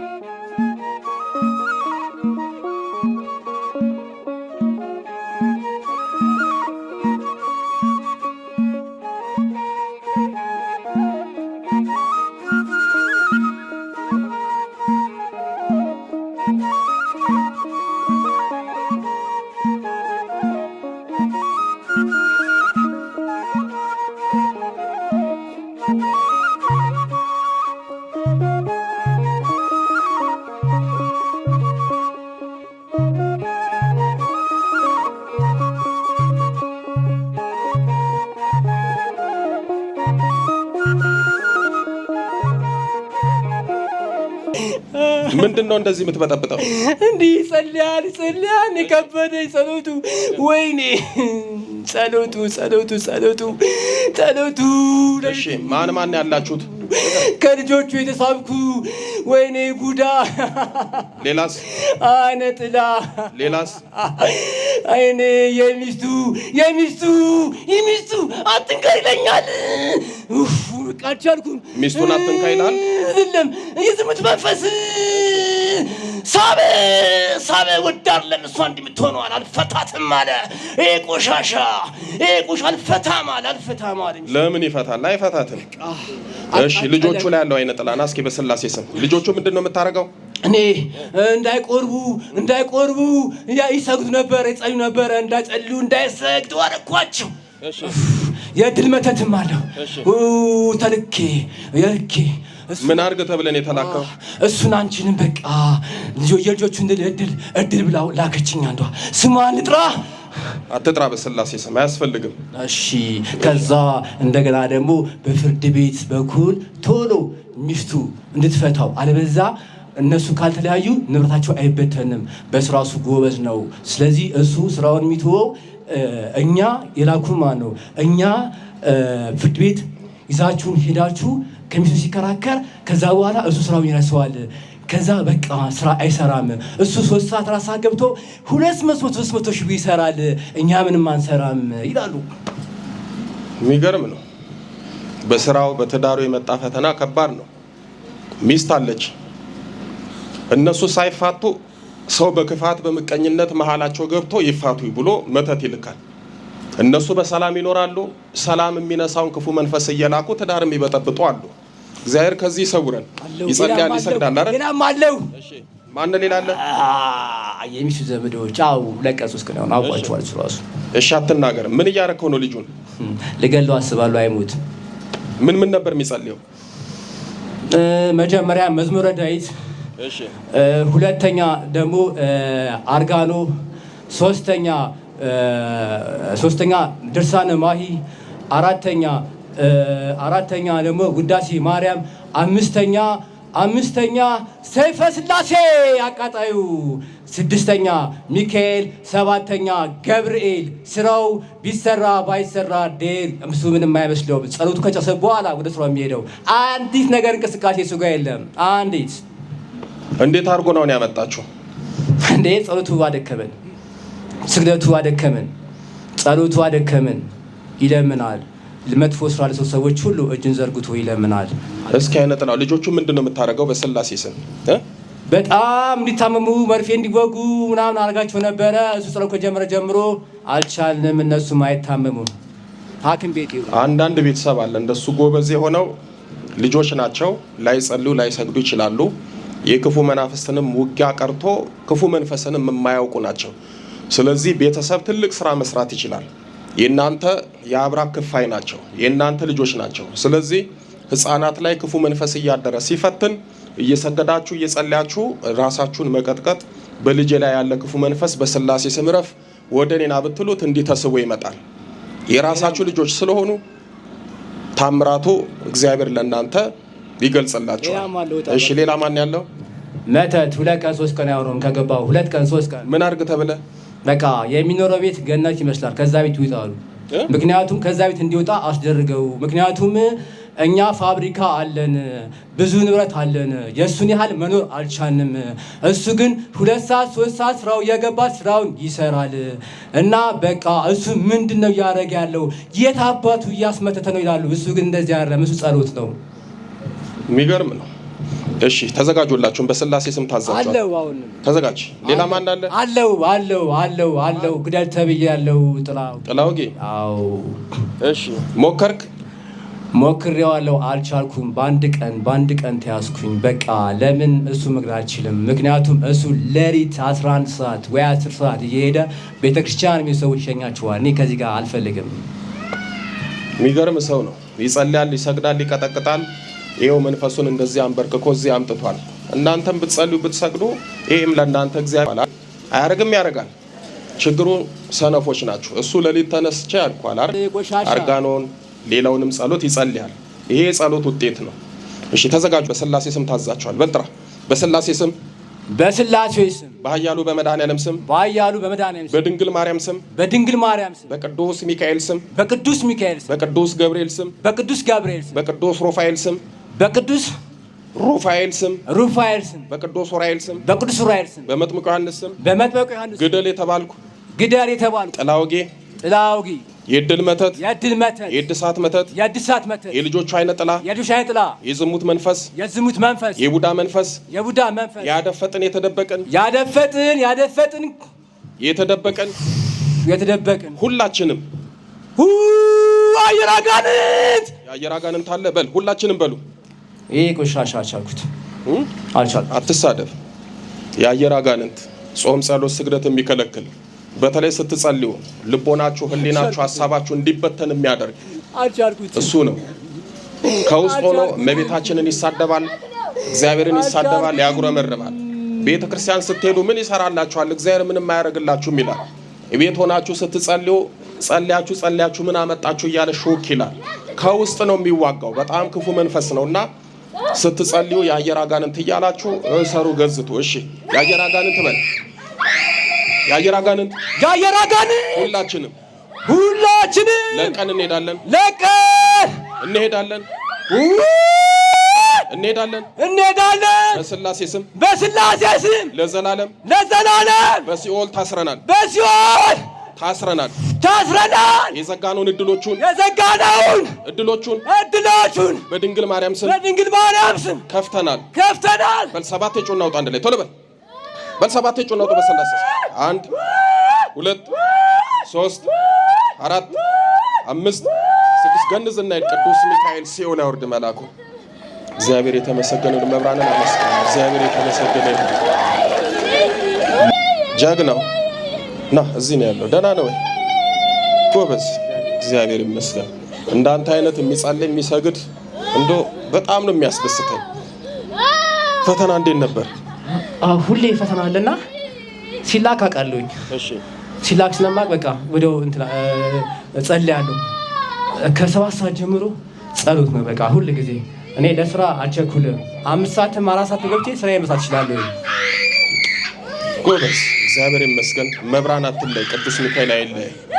Thank you. ምንድን ነው እንደዚህ የምትበጠብጠው? እንዲህ ይጸልያል ይጸልያል። የከበደኝ ጸሎቱ፣ ወይኔ ጸሎቱ ጸሎቱ ጸሎቱ ጸሎቱ። እሺ ማን ማን ያላችሁት? ከልጆቹ የተሳብኩ ወይኔ ቡዳ። ሌላስ? አይነ ጥላ። ሌላስ? አይኔ የሚስቱ የሚስቱ የሚስቱ አትንካ ይለኛል። ቃልቻልኩም ሚስቱን አትንካ ይላል። ለም የዝሙት መንፈስ ሳብ ሳብ ወዳለም እሷ እንድምትሆነዋል አልፈታትም አለ። ይሄ ቆሻሻ ይሄ ቆሻ አልፈታም አለ አልፈታም አለ። ለምን ይፈታል? አይፈታትም። እሺ ልጆቹ ላይ ያለው አይነ ጥላና እስኪ በስላሴ ስም ልጆቹ ምንድን ነው የምታደርገው? እኔ እንዳይቆርቡ እንዳይቆርቡ ይሰግዱ ነበረ ይጸሉ ነበረ እንዳይጸሉ እንዳይሰግዱ አረኳቸው። የድል መተትም አለው ተልኬ የልኬ ምን አድርገህ ተብለን የተላከው እሱን አንቺንም በቃ የልጆቹን እድል እድል ብላው ላከችኝ። አንዷ ስሟን ልጥራ አትጥራ፣ በስላሴ ስም አያስፈልግም። እሺ። ከዛ እንደገና ደግሞ በፍርድ ቤት በኩል ቶሎ ሚስቱ እንድትፈታው አለበዛ እነሱ ካልተለያዩ ንብረታቸው አይበተንም። በስራሱ ጎበዝ ነው። ስለዚህ እሱ ስራውን የሚትወው እኛ የላኩን ማን ነው? እኛ ፍርድ ቤት ይዛችሁን ሄዳችሁ ከሚስቱ ሲከራከር ከዛ በኋላ እሱ ስራውን ይረሳዋል። ከዛ በቃ ስራ አይሰራም። እሱ ሶስት ሰዓት ራሳ ገብቶ ሁለት መቶ ሶስት መቶ ሺህ ይሰራል፣ እኛ ምንም አንሰራም ይላሉ። የሚገርም ነው። በስራው በትዳሩ የመጣ ፈተና ከባድ ነው። ሚስት አለች። እነሱ ሳይፋቱ ሰው በክፋት በምቀኝነት መሀላቸው ገብቶ ይፋቱ ብሎ መተት ይልካል። እነሱ በሰላም ይኖራሉ። ሰላም የሚነሳውን ክፉ መንፈስ እየላኩ ትዳር የሚበጠብጡ አሉ። እግዚአብሔር ከዚህ ይሰውረን። ይጸልያል፣ ይሰግዳል። አረ ሌላም አለው። ማን ሌላ አለ? የሚስቱ ዘመዶች አው ለቀሱ እስከ ነው አውቋቸዋል። ራሱ እሺ፣ አትናገር። ምን እያረከው ነው? ልጁን ልገለው አስባለሁ። አይሞት። ምን ምን ነበር የሚጸልየው? መጀመሪያ መዝሙረ ዳዊት፣ ሁለተኛ ደግሞ አርጋኖ፣ ሶስተኛ ሶስተኛ ድርሳነ ማሂ፣ አራተኛ አራተኛ ደግሞ ውዳሴ ማርያም፣ አምስተኛ አምስተኛ ሰይፈ ስላሴ አቃጣዩ፣ ስድስተኛ ሚካኤል፣ ሰባተኛ ገብርኤል። ስራው ቢሰራ ባይሰራ ዴር እሱ ምንም አይመስለውም። ጸሎቱ ከጨሰ በኋላ ወደ ስራው የሚሄደው አንዲት ነገር እንቅስቃሴ እሱ ጋር የለም። አንዲት እንዴት አድርጎ ነው ያመጣችሁ? እንዴት ጸሎቱ አደከመን። ስግደቱ አደከመን፣ ጸሎቱ አደከመን ይለምናል። መጥፎ ስራ ለሰው ሰዎች ሁሉ እጅን ዘርግቶ ይለምናል። እስኪ አይነት ነው። ልጆቹ ምንድን ነው የምታደርገው? በስላሴ ስም በጣም እንዲታመሙ መርፌ እንዲወጉ ምናምን አድርጋቸው ነበረ። እሱ ጸሎት ከጀመረ ጀምሮ አልቻልንም። እነሱም አይታመሙም። ሐኪም ቤት አንዳንድ ቤተሰብ አለ እንደሱ ጎበዝ የሆነው ልጆች ናቸው። ላይጸልዩ ላይሰግዱ ይችላሉ። የክፉ መናፍስትንም ውጊያ ቀርቶ ክፉ መንፈስንም የማያውቁ ናቸው። ስለዚህ ቤተሰብ ትልቅ ስራ መስራት ይችላል። የእናንተ የአብራክ ክፋይ ናቸው፣ የእናንተ ልጆች ናቸው። ስለዚህ ህፃናት ላይ ክፉ መንፈስ እያደረ ሲፈትን እየሰገዳችሁ እየጸለያችሁ ራሳችሁን መቀጥቀጥ በልጅ ላይ ያለ ክፉ መንፈስ በስላሴ ስም ረፍ ወደ እኔና ብትሉት እንዲህ ተስቦ ይመጣል። የራሳችሁ ልጆች ስለሆኑ ታምራቱ እግዚአብሔር ለእናንተ ይገልጽላችኋል። እሺ፣ ሌላ ማን ያለው መተት ሁለት ቀን ሶስት ቀን ያወራውን ከገባው ሁለት ቀን ሶስት ቀን ምን አድርግ ተብለ በቃ የሚኖረው ቤት ገነት ይመስላል። ከዛ ቤት ይወጣሉ ምክንያቱም ከዛ ቤት እንዲወጣ አስደርገው። ምክንያቱም እኛ ፋብሪካ አለን፣ ብዙ ንብረት አለን፣ የእሱን ያህል መኖር አልቻንም። እሱ ግን ሁለት ሰዓት ሶስት ሰዓት ስራው እየገባ ስራውን ይሰራል እና በቃ እሱ ምንድን ነው እያደረገ ያለው? የት አባቱ እያስመተተ ነው ይላሉ። እሱ ግን እንደዚህ ያለ እሱ ጸሎት ነው። የሚገርም ነው። እሺ ተዘጋጁላችሁን። በስላሴ ስም ታዛችሁ። አለው አሁን ተዘጋጅ። ሌላ ማን አለ? አለው አለው አለው አለው ግደል ተብዬ ያለው ጥላው ጥላው። ጌ። አዎ እሺ። ሞከርክ? ሞክሬዋለሁ፣ አልቻልኩም። በአንድ ቀን በአንድ ቀን ተያዝኩኝ። በቃ ለምን እሱ መግድ አልችልም። ምክንያቱም እሱ ሌሊት 11 ሰዓት ወይ 10 ሰዓት እየሄደ ቤተክርስቲያን የሚሰዎች ይሸኛችኋል። እኔ ከዚህ ጋር አልፈልግም። የሚገርም ሰው ነው። ይጸልያል፣ ይሰግዳል፣ ይቀጠቅጣል ይኸው መንፈሱን እንደዚህ አንበርክኮ እዚህ አምጥቷል። እናንተም ብትጸልዩ ብትሰግዱ ይህም ለእናንተ እግዚአብሔር አያደርግም ያደርጋል። ችግሩ ሰነፎች ናችሁ። እሱ ለሊት ተነስቼ ያልኳል አርጋኖን ሌላውንም ጸሎት ይጸልያል። ይሄ የጸሎት ውጤት ነው። እሺ ተዘጋጁ። በስላሴ ስም ታዛቸዋል። በልጥራ በስላሴ ስም በስላሴ ስም በኃያሉ በመድኃኔዓለም ስም በኃያሉ በመድኃኔዓለም ስም በድንግል ማርያም ስም በድንግል ማርያም ስም በቅዱስ ሚካኤል ስም በቅዱስ ሚካኤል ስም በቅዱስ ገብርኤል ስም በቅዱስ ገብርኤል ስም በቅዱስ ሮፋኤል ስም በቅዱስ ሩፋኤል ስም ሩፋኤል ስም በቅዱስ ኡራኤል ስም በቅዱስ ኡራኤል ስም በመጥምቁ ዮሐንስ ስም በመጥምቁ ዮሐንስ ግደል የተባልኩ ግደል የተባልኩ ጥላውጌ ጥላውጌ የድል መተት የድል መተት የድሳት መተት የድሳት መተት የልጆቹ አይነ ጥላ የልጆቹ አይነ ጥላ የዝሙት መንፈስ የዝሙት መንፈስ የቡዳ መንፈስ የቡዳ መንፈስ ያደፈጥን የተደበቅን ያደፈጥን ያደፈጥን የተደበቅን የተደበቅን ሁላችንም ሁ አየር አጋንንት የአየር አጋንንት አለ በል ሁላችንም በሉ ይሄ ቆሻሻ አልቻልኩት አልቻልኩት። አትሳደብ። የአየር አጋንንት ጾም፣ ጸሎት፣ ስግደት የሚከለክል በተለይ ስትጸልዩ ልቦናችሁ፣ ህሊናችሁ፣ ሀሳባችሁ እንዲበተን የሚያደርግ እሱ ነው። ከውስጥ ሆኖ እመቤታችንን ይሳደባል፣ እግዚአብሔርን ይሳደባል፣ ያጉረመርማል። ቤተ ክርስቲያን ስትሄዱ ምን ይሰራላችኋል? እግዚአብሔር ምንም አያደርግላችሁም ይላል። ቤት ሆናችሁ ስትጸልዩ ጸልያችሁ ጸልያችሁ ምን አመጣችሁ እያለ ሾክ ይላል። ከውስጥ ነው የሚዋጋው። በጣም ክፉ መንፈስ ነውና ስትጸልዩ የአየር አጋንንት እያላችሁ እሰሩ ገዝቱ። እሺ የአየር አጋንንት በል የአየር አጋንንት የአየር አጋንንት ሁላችንም ሁላችንም ለቀን እንሄዳለን ለቀን እንሄዳለን እንሄዳለን እንሄዳለን በስላሴ ስም በስላሴ ስም ለዘላለም ለዘላለም በሲኦል ታስረናል በሲኦል ታስረናል ታስረናል የዘጋነውን እድሎቹን የዘጋነውን እድሎቹን እድ እጆቻችሁን በድንግል ማርያም ስም በድንግል ማርያም ስም ከፍተናል ከፍተናል። በል ሰባት እጩን አውጣ አንድ ላይ ቶሎ በል በል ሰባት እጩን አውጣ በሰላሳ አንድ ሁለት ሶስት አራት አምስት ስድስት ገንዝ እና ቅዱስ ሚካኤል ሲኦል ያወርድ መልአኩ እግዚአብሔር የተመሰገነ መብራንን አመስግን። እግዚአብሔር የተመሰገነ ጀግናው ና እዚህ ነው ያለው። ደህና ነው ወይ ጎበዝ? እግዚአብሔር ይመስገን። እንዳንተ አይነት የሚጸልይ የሚሰግድ እንዶ በጣም ነው የሚያስደስተኝ። ፈተና እንዴት ነበር? ሁሌ ፈተና አለና ሲላክ አውቃለሁኝ። ሲላክ ስለማቅ በቃ ወዲያው ጸልያለሁ። ከሰባት ሰዓት ጀምሮ ጸሎት ነው በቃ ሁል ጊዜ። እኔ ለስራ አቸኩል አምስት ሰዓትም አራት ሰዓት ገብቼ ስራ መስራት እችላለሁ። ጎበዝ፣ እግዚአብሔር ይመስገን። መብራን አትለይ፣ ቅዱስ ሚካኤል አይለይ።